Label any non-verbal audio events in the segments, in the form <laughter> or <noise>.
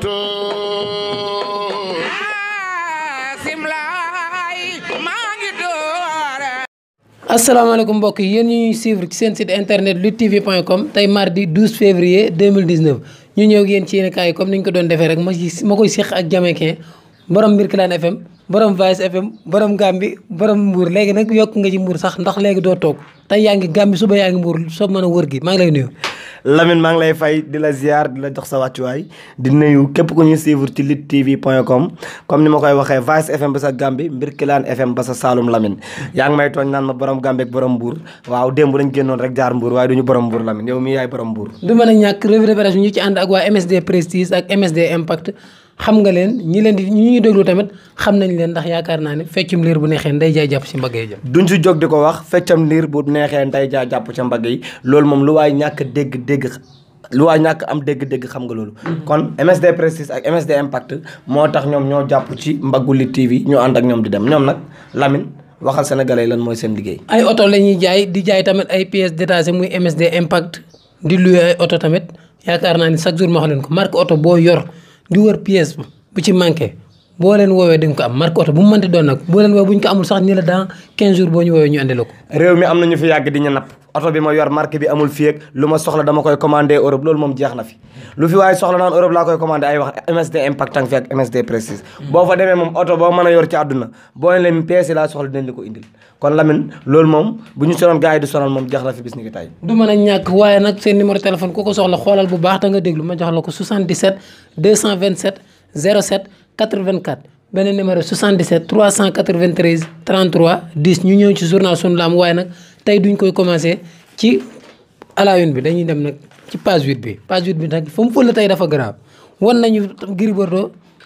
tóor asim laay maa ngi tóor asalaamaaleykum mbokk yi yéen ñu ñuy suivre ci seen site internet luttetv.com tey mardi 12 février 2019 ñu ñëw yéen ci yéen kaay yi comme ni ñu ko doon defee rek ma ci ma koy séq ak Jamaïcain borom Mbirkilaan FM borom Vice FM borom Gàmbi borom Mbour léegi nag yokk nga ci Mbour sax ndax léegi doo toog tey yaa ngi Gàmbi suba yaa ngi Mbour soo mën a wër gi maa ngi lay nuyu. Lamine maa ngi lay fay di la ziar di la jox sa wàccuwaay di nuyu képp ku ñuy suivre ci lutte tv point com ni ma koy waxee Vice FM ba sa Gambie Mbirkilaan FM ba sa Saalum Lamine yaa ngi may tooñ naan ma borom Gambie ak borom Mbour waaw démb lañ génnoon rek jaar Mbour waaye du ñu borom Mbour Lamine yow yaay borom Mbour. du mën a ñàkk revue de presse ci ànd ak waa MSD Prestige ak MSD Impact. xam nga leen ñi leen di ñi ñuy déglu tamit xam nañ leen ndax yaakaar naa ne feccum liir bu neexee nday jaay jàpp ci mbagg yi jëm duñ si ko wax feccam liir bu neexee nday jaay jàpp ca mbagg loolu moom lu waaye ñàkk dégg dégg lu waaye ñàkk am dégg-dégg xam nga loolu mm-hmm. kon MSD Prestige ak MSD Impact moo tax ñoom ñoo jàpp ci mbaggu Lutte TV ñoo ànd ak ñoom di dem ñoom nag Lamine waxal sénégalais lan mooy seen liggéey ay oto la ñuy jaay di jaay tamit ay pièces détachées muy MSD Impact di luye ay oto tamit yaakaar naa ni chaque jour ma wax leen ko marque oto boo yor di wër pièce bu ci manqué boo leen woowee di nga ko am marque mu mënti doon nag boo leen woowee bu ñu ko amul sax ni la dans 15 jours boo ñu woowee ñu réew mi am na ñu fi yàgg di ñu napp oto bi ma yor marque bi amul fii ak lu ma soxla dama koy commandé Europe loolu moom jeex na fi lu fi waaye soxla naan Europe laa koy commandé ay wax MSD impact tang fi ak MSD précise boo fa demee moom oto boo mën a yor ci àdduna boo leen pièce laa soxla dinañ la ko indil. kon Lamine loolu moom bu ñu sonal gars yi di sonal moom jox la fi bis ni ki tey du mën a ñàkk waaye nag seen numéro téléphone ku ko soxla xoolal bu baax te nga déglu ma jox la ko 77 227 07 84 beneen numéro 77 393 33 10 ñu ñëw ci journal sunu laam waaye nag tey duñ koy commencé ci alaayun bi dañuy dem nag ci page 8 bi page 8 bi nag fa mu tey dafa grave wan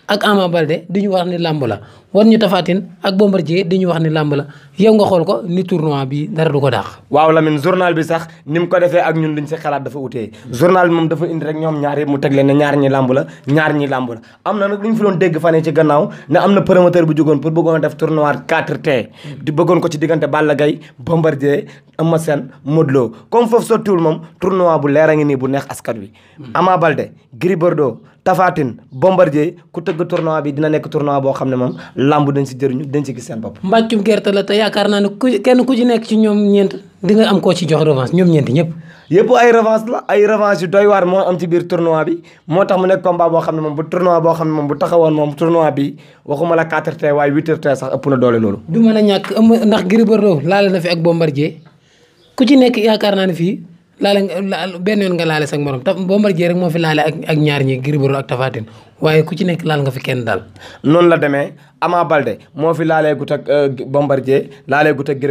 ak Ama Balde di ñu wax ni làmb la war ñu Tapha Tine ak Bombardier di ñu wax ni làmb la yow nga xool ko ni tournoi bi dara du ko daax waaw la Lamine journal bi sax ni mu ko defee ak ñun liñ si xalaat dafa utee journal bi moom dafa indi rek ñoom ñaar yëpp mu teg ne ñaar ñi làmb la ñaar ñi làmb la am na nag lu ñu fi doon dégg fane ci gannaaw ne am na promoteur bu jógoon pour bëggoon def tournoi 4T di bëggoon ko ci diggante Balla Gaye Bombardier Ama Sène Modou Lo comme foofu sottiwul moom tournoi bu leer a ngi nii bu neex askan wi Ama Balde Gris Bordeaux Tafatine Bombardier ku tëgg tournoi bi dina nekk tournoi boo xam ne moom làmb dañ si jëriñu dañ si gis seen bopp. mbàccum gerte la te yaakaar naa ne ku kenn ku ci nekk ci ñoom ñeent di nga am koo ci jox revanche ñoom ñeent ñëpp. yëpp ay revanche la ay revanche yu doy waar moo am ci biir tournoi bi moo tax mu nekk combat boo xam ne moom bu tournoi boo xam ne moom bu taxawoon moom tournoi bi waxuma la waaye 8 sax ëpp na doole loolu. du mën a ñàkk ndax Gris Bordeaux ku ci nekk yaakaar naa ne fii laale nga benn yoon nga laale sax morom ta Bombardier rek moo fi laale ak ak ñaar ñi Gris Bordeaux ak Tapha waaye ku ci nekk laal nga fi kenn daal. noonu la demee Ama Balde moo fi laaleegut ak euh, Bombardier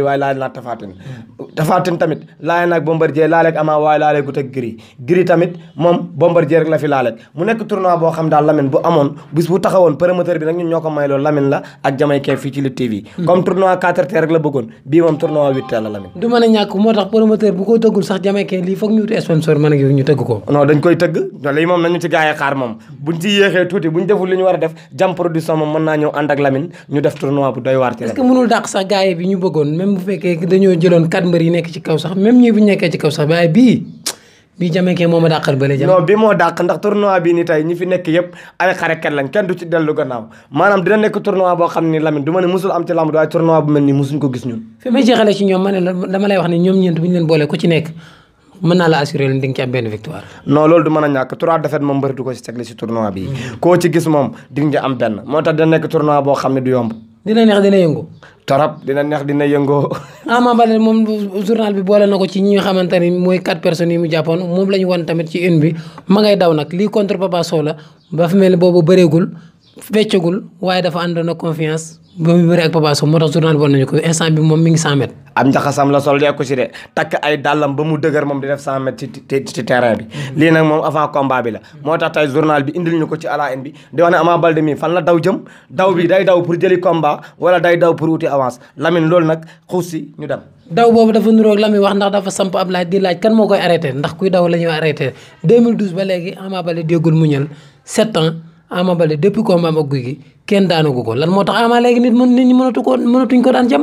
waaye laale naa Tapha Tine tamit laale naag Bombardier laaleeg Ama waaye laaleegut tamit moom Bombardier rek la fi laaleeg mu nekk tournoi boo xam daal Lamine bu amoon bu taxawoon promoteur bi nag ñun ñoo ko may loolu Lamine la ak Jamaïcain fii ci Lutte TV hmm. comme tournoi 4 rek la bëggoon bii moom tournoi 8 la Lamine du mën a moo tax promoteur bu ko sax Jamaïcain lii lii moom ñu war a def jam Lamine ñu def tournoi bu doy waar ci. est-ce que mënul dàq bi ñu bëggoon même bu fekkee dañoo jëloon quatre mbër yi nekk ci kaw sax même ñii bu ñu ci kaw sax waaye bii bii jamekee moo ma dàqal bële jam non bi moo dàq ndax tournoi bii ni tey ñi fi nekk yëpp ay xarekat lañ kenn du ci dellu gannaaw maanaam dina nekk tournoi boo xam ne Lamine du ma musul am ci lamb waaye tournoi bu mel nii musuñ ko gis ñun fi may jeexale ci ñoom ma mën naa la assuré leen di nga ci am benn victoire. non loolu du mën a ñàkk trois défaites moom bëri du si tegle si tournoi bi koo ci gis moom di nga am benn moo tax da nekk boo xam ne du yomb. dina neex dina yëngu. torop dina dina yëngoo. <laughs> Ama moom bi boole na ko ci ñi nga xamante ni mooy quatre personnes yi mu jàppoon moom la ñu wan tamit ci une bi ma ngay daw nag lii contre Papa Sow la ba fi mel ni boobu bëreegul feccagul waaye dafa àndoon ak confiance ba mu bëri ak Papa Sow moo ko instant bi moom mi ngi 100 m. am njaxasam la sol nekku si de takk ay dàllam ba mu dëgër moom di def 100 m ci ci terrain bi. Mm-hmm. moom avant combat bi la. moo tax tey journal bi indil ñu ko ci ala en bi di wax fan la daw jëm daw bi day daw pour jëli combat wala day daw pour wuti avance Lamine loolu nag xuus si ñu dem. daw boobu dafa niroog la muy wax ndax dafa samp ab laaj di laaj kan moo koy arrêté ndax kuy daw la ñuy arrêté 2012 ba léegi Ama Baldé déggul mu ñël 7 ans. Ama Baldé depuis combat am ak Gouye Gui kenn daanagu ko lan moo tax Ama léegi nit mën nit ñi mënatu ko mënatuñ ko daan jëm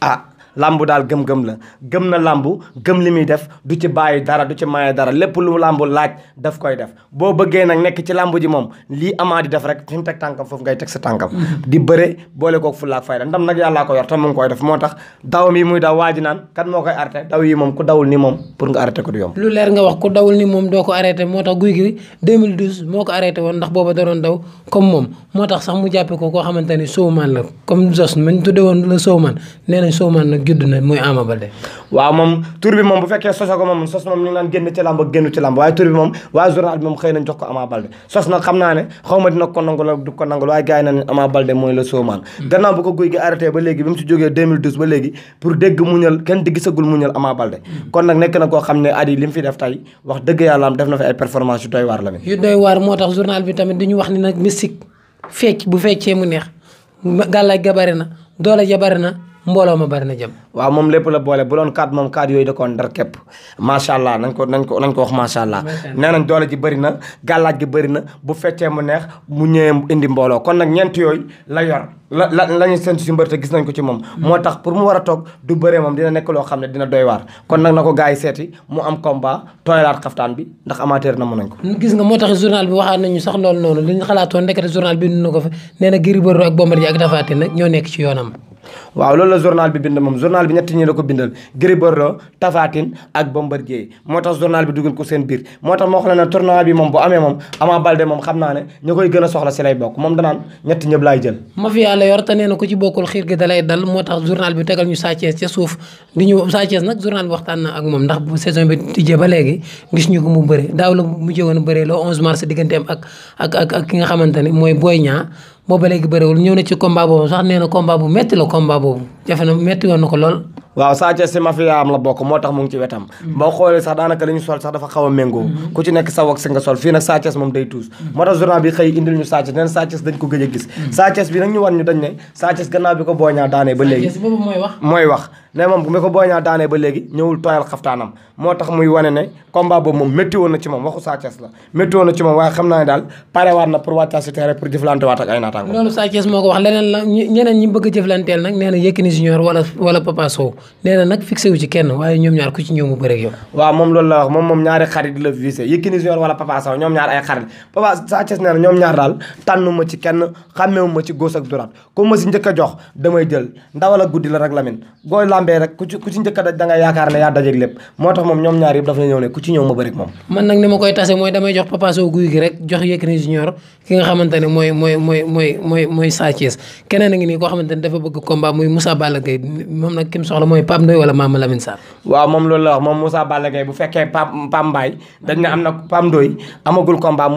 ah làmbu daal gëm-gëm la gëm na làmb gëm li muy def du ci bàyyi dara du ci maye dara lépp lu làmb laaj daf koy def boo bëggee nag nekk ci làmb ji moom lii amaa di def rek fi mu foofu ngay teg sa tànkam mm-hmm. di bëre boole kook fulla ak fayda ndam nag yàllaa ko yor te koy def moo tax daw mi muy daw waaji naan kan moo koy arrêté daw yi moom ku dawul nii moom pour nga arrêté ko du yomb lu leer nga wax ku dawul ni moom doo ko arrêté moo tax guy gi 2012 moo ko arrêté woon ndax booba danoon daw mu jàppe ko koo xamante ni showman la comme jos man tudde woon la showman nee nañ showman nag judd na muy Ama Baldé waaw moom tur moom bu fekkee sosoo moom sos moom ñu naan génn ci làmb génn ci làmb waaye tur moom waaye journal bi mu hmm. nekk na koo xam ne at yi fi def tey wax dëgg yàlla am def na fi ay performance yu doy waar la yu doy waar moo tax journal bi tamit dañu wax ni nag mystique fecc bu feccee mu neex gàllaay gabare na doole jabare na mbooloo ma bari na jëm waaw moom lépp la boole bu doon kaat moom kaat yooyu da koo ndar képp macha allah nañ ko nañ ko nañ ko wax macha allah nee nañ doole ji bëri na gàllaaj gi bëri na bu feccee mu neex mu ñëwee indi mbooloo kon nag ñeent yooyu la la la ñu seen si mbër te nañ ko ci moom moo tax pour mu war a toog du bëree moom dina nekk loo xam ne dina doy waar kon nag na ko gars yi seeti mu am combat tooyalaat xaftaan bi ndax bi waxaat nañu sax loolu noonu li ñu xalaatoon ndekete journal bi nu na ko fa nee na Gris ñoo nekk ci yoonam waaw loolu la journal bi bind moom journal bi ñett ñi la ko bindal Gris Bordeaux Tapha Tine ak Bombardier moo tax journal bi dugal ko seen biir moo tax moo xam ne ne tournoi bi moom bu amee moom Ama Baldé moom xam naa ne ñu koy soxla si lay bokk moom danaan ñett ñëpp laay jël mafia la yor te nee na ku ci bokkul xiir gi dalay dal moo tax journal bi tegal ñu Sa Thiès ca suuf di ñu Sa Thiès nag journal bi waxtaan na ak moom ndax bu saison bi tijjee ba léegi gis ñu ko mu bëre daaw la mu mujjee woon bëre loo 11 mars digganteem ak ak ak ak ki nga xamante ne mooy Boy Niang booba léegi bëriwul ñëw na ci combat boobu sax nee na combat bu métti la combat boobu jafe na métti woon na ko lool. waaw Sa Thiès si mafia am la bokk moo tax mu ngi ci wetam. Mm. boo xoolee sax daanaka li sol sax dafa xaw a méngoo. Mm. ku ci nekk sa ak si nga sol fii nag Sa Thiès moom day tuus. Mm. moo tax journal bi xëy indil ñu Sa Thiès neen Sa Thiès dañ ko gëj gis. Sa Thiès bi nag ñu war ñu dañ ne Sa Thiès gannaaw bi ko booñaa daanee ba léegi. Sa mooy wax mooy wax. ne moom bu ma ko Boy na ci moom waxu la métti woon na naa ne daal parewaat na pour wàccaat si terrain pour jëflante waat ak ay naataango moo ko wax leneen la ñeneen ñi bëgg a jëflanteel nag nee na Yékini Junior wala wala Papa Sow nee na nag fixé wu ci kenn waaye ñoom ñaar ku ci ñëw mu bëre ak yow waaw moom la wax moom la visé ci kenn duraat ku ma si njëkk jox damay jël ndawal guddi la rek lamin lambee rek ku ci ku ci njëkk a daj da nga yaakaar ne yaa dajeeg lépp moo tax moom ñoom ñaar yëpp dafa ne ku ci ñëw ma bëri moom man Sa Thiès keneen a ngi nii koo xamante ne dafa bëgg combat muy Moussa mu soxla mooy Pape Ndoye wala Mama am na Pape Ndoye amagul combat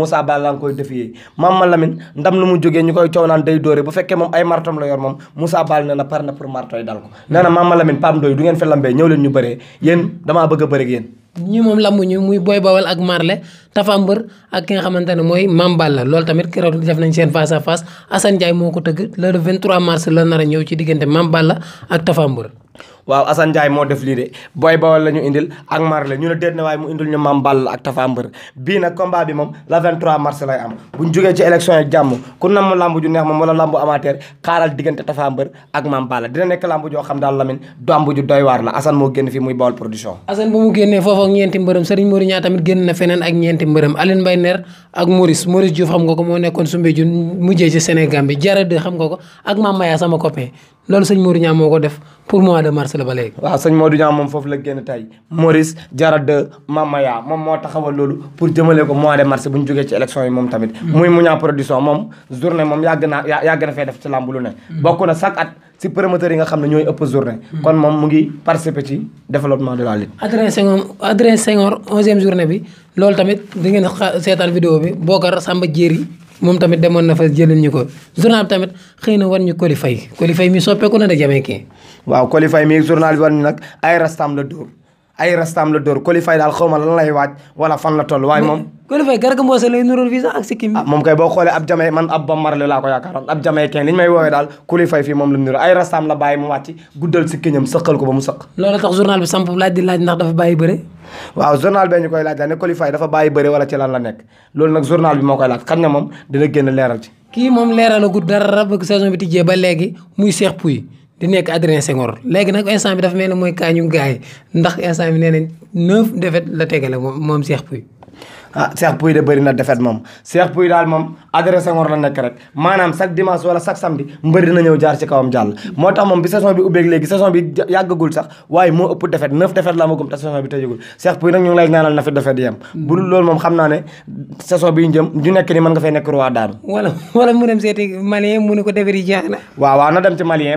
ñu koy coow naan day dóore bu fekkee moom ay martom la yor moom Moussa Balla nee na par na pour martoy dal ko nee na Mama Lamine Pape Ndoye du ngeen fi lambee ñëw leen ñu bëree yéen damaa bëgg a bëri ak yéen ñi moom lamb ñu muy Boy Bawal ak Marley Tafa Mbër ak ki nga xamante ne mooy Mame la loolu tamit keroog def nañ seen face à face Assane Ndiaye moo ko tëgg le 23 mars la nar a ñëw ci diggante Mame Balla ak Tafa Mbër waaw Assane Ndiaye moo def lii de Boy Bawol la ñu indil ak Marley ñu ne déet na waaye mu indil ñu Mame Balla ak Tapha Mbeur bii nag combat bi moom la 23 neex moom xam daal Lamine damb ju doy waar la Assane moo génn fii muy Bawol production Assane bu mu génnee foofu ak loolu Serigne Mori moo ko def pour mois de mars la ba léegi. waaw sëñ Modou Niang moom foofu la génn tey Maurice Diarra de Mamaya moom moo taxawal loolu pour jëmale ko mois de mars bu ñu jógee ci élection yi moom tamit. Mm. muy Mouniang production moom journée moom yàgg naa yàgg na fee def ci làmb mm. mm. mu ngi participer ci développement de la lutte. Adrien Senghor journée bi loolu tamit di ngeen seetaan bi Bokar Samba Diéry. moom tamit demoon na fa jëlal ñu ko journal bi tamit xëy na war ñu Coly Faye Coly Faye mi soppeeku na de Jamaïcain waaw Coly Faye mi journal bi war ñu nag ay rastaam la dóor ay rastaam la dóor Coly Faye daal xaw ma lan moom Coly Faye Garga ah, kay boo xoolee ab Jamaïcain man ab Bob Marley laa ko yaakaaroon ab Jamaïcain li ñu may woowee daal Coly Faye moom la nuró ay rastaam la bàyyi mu wàcc guddal sikkiñam sëqal ko ba mu sëq loolu tax journal bi samp laaj di laaj ndax dafa bàyyi bëre waaw journal bee ñu koy laaj la ne Coly Faye dafa bàyyi bëre wala ci lan la nekk loolu nag journal bi moo koy laaj xam ne moom dina génn leeral ci kii moom leeralagu dara bëgg saison bi tijjee ba léegi muy Cheikh Pouy di nekk Adrien Senghor léegi nag instant bi dafa mel ne mooy kaa ñu gaay ndax instant bi nee nañ neuf défaites la tegale moom seex Pouy ah Cheikh Pouye de bëri na defet moom Cheikh Pouye daal moom adressé ngor la nekk rek maanaam chaque dimanche wala chaque samedi mbër dina ñëw jaar ci kawam jàll moo tax moom bi saison bi ubbeeg léegi sax waaye moo ëpp defet neuf na fi defet yem bu dul loolu mu dem seeti malien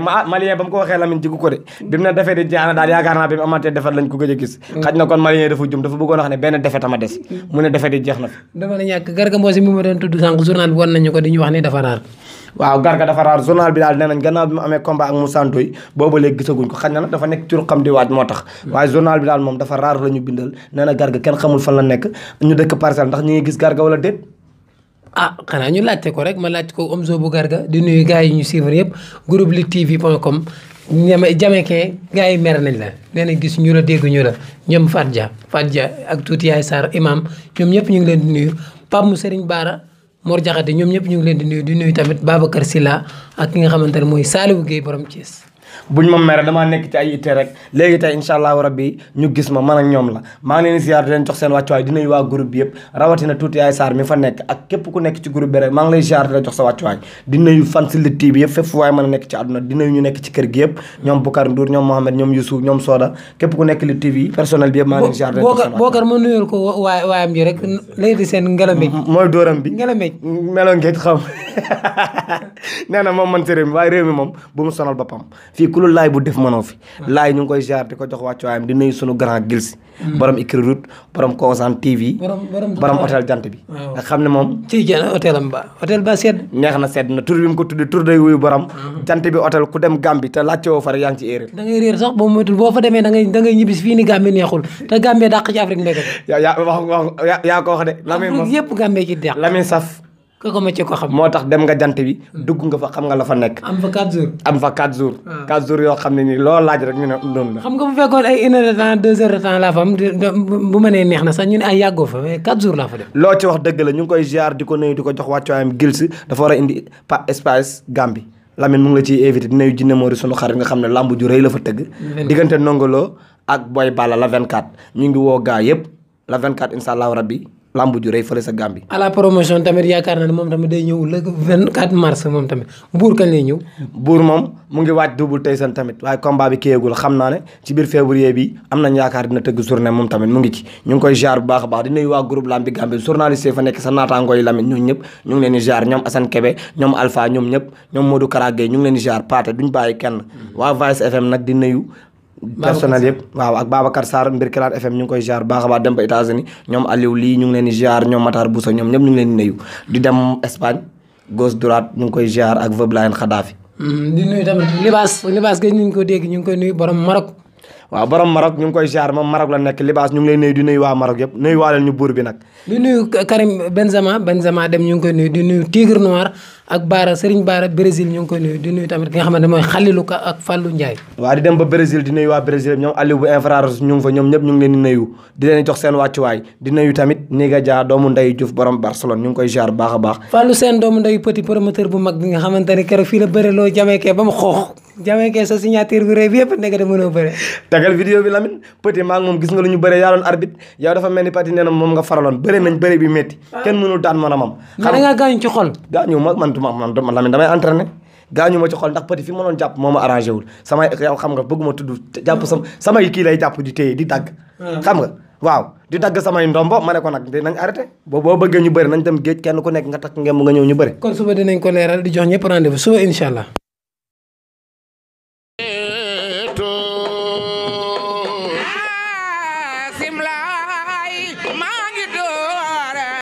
ma ah, malien ba mu ko waxee Lamine jigu ko de bi mu defet yi jeex na daal naa bi mu amatee defet lañ ko gëj a gis mm. xaj na kon malien dafa jum dafa bëggoon wax ne benn defet ama des mm. défaite yi jeex na fi. dafa la ñàkk Garga Mbossé mi ma doon tudd sànq journal bi wan nañu ko di ñu wax ni dafa raar. waaw Garga dafa raar journal bi daal nee Garga kenn xamul fan la nekk ñu dëkk parcelle ndax ñu ngi gis Garga wala déet ah xanaa ñu laajte ko rek ma laajte ko Omzo bu Garga di nuyu gars yi ñu suivre yëpp groupe luttetv.com ñama jamekee gars yi mer nañ la nee na gis ñu la dégg ñu la ñoom Fadja Fadja ak tuuti yaay Sarr imam ñoom ñëpp ñu ngi leen di nuyu Pape mu Serigne Baara Mor Diakhaté ñoom ñëpp ñu ngi leen di nuyu di nuyu tamit Babacar Silla ak ki nga xamante ne mooy Saliou Guèye borom Thiès buñ ma mere damaa nekk ci ay itte rek léegi tey incha allahu rabbi ñu gis ma man ak ñoom la maa ngi leen ziar di leen jox seen wàccuwaay dinañ waa groupe bi yëpp rawatina tuuti ay saar mi fa nekk ak képp ku nekk ci groupe bi rek maa ngi lay ziar di la jox sa wàccuwaay dinañu fan si Lutte TV bi yëpp fépp fu waay mën a nekk ci àdduna dinañu nekk ci kër gi yëpp ñoom Boucar Ndour ñoom Mohamed ñoom Youssouf ñoom Soda képp ku nekk Lutte TV personnel bi yëpp maa ngi leen ziar di Boucar mu nuyul ko waay waayam ji rek léegi seen ngelaw mbéj mooy dóoram bi ngelaw mbéj meloo ngeej xam <laughs> nee na moom man si réew mi waaye réew mi moom bu mu sonal boppam fii ku lu laay bu def ah. mënoo ah. laay ñu koy ziar ko jox wàccuwaayam di nuyu sunu grand gils hmm. borom Ikri route borom TV borom hôtel ba hôtel sedd neex na sedd na tur bi mu ko tuddi tur day hmm. jant bi hôtel ku dem Gambie te laajte woo fa rek yaa ngi ci erreur da ngay réer sax boo moytul boo fa demee da ñibbis fii ni Gambie neexul te Gambie dàq ci Afrique ndeke yaa yaa wax de Lamine saf ka ko métier moo tax dem nga jant bi dugg nga fa xam nga la fa nekk. am fa 4 jours am fa 4 ah. jours. yoo xam ne loo laaj rek ñu ne noonu la. xam nga bu fekkoon ay une heure de am bu fa mais loo ci dëgg la ñu ngi koy ziar di ko nuyu di ko jox wàccuwaayam gils dafa war a indi pa espace Gambie Lamine mu ngi la ciy invité di Jinne Mori sunu xarit nga xam ne lamb ju rëy la fa tëgg. diggante nongoloo ak Boy Balla la 24 ñu ngi woo gaa la 24 incha allahu lamb ju rëy fële sa Gambie. à promotion tamit yaakaar naa ne moom tamit day ñëw le mars moom tamit buur kañ lay ñëw. buur moom mu ngi waaj double Tyson tamit waaye combat bi naa ne ci biir février bi am nañ yaakaar dina moom tamit mu ngi ci. ñu ngi koy jaar bu baax a baax di nuyu waa groupe Lambi Gambie journaliste yi fa nekk sa naataangoo yi Lamine ñoom ñëpp ñu ngi leen jaar ñoom Assane Kébé ñoom Alpha ñoom ñëpp ñoom Modou Kara Gueye ñu ngi leen di jaar Paate duñ bàyyi kenn. Mm. waa Vice FM nag di nuyu. personnel yëpp waaw ak Babacar Sarr mbir Kilaar FM ñu koy ziar baax a États-Unis ñoom Aliou lii ñu ngi leen ñoom Matar Bousso ñoom ñëpp ñu ngi leen di dem Espagne gauche droite ñu koy ziar ak Veuve Layen mm-hmm. libaas libaas gëj nañu ko dégg ñu koy nuyu borom Maroc waaw borom Maroc ñu ngi koy ziar moom Maroc la nekk libaas ñu ngi lay nuyu di nuyu waa Maroc yëpp nuyu koy nuyu di nuyu Tigre tamit ki nga xamante mooy Khalilou Ka ak ñëpp ñu ngi seen wàccuwaay di nuyu tamit Ndiga Dia doomu nday Diouf borom Barcelone baax a baax. Fallou Sène doomu nday petit promoteur bu mag bi nga xamante ne keroog fii la bëre loo jamee ba mu xoox jamee kee sa bu rëy bi yëpp nekk da mënoo bëre tegal vidéo bi Lamine Petit maa ngi moom gis nga lu ñu bëree yaa doon arbitre yow dafa mel ni na ah. ndax Petit fi ma doon jàpp moo ma arrangé wul kii lay jàpp di téye di dagg ah. xam nga waaw di dagg samay ndombo ma ne ko nag dinañ arrêté boo bëggee ñu bëri nañ dem géej kenn ku nekk nga takk ngem nga ñëw ñu bëri kon suba dinañ ko leeral di jox ñëpp rendez-vous suba incha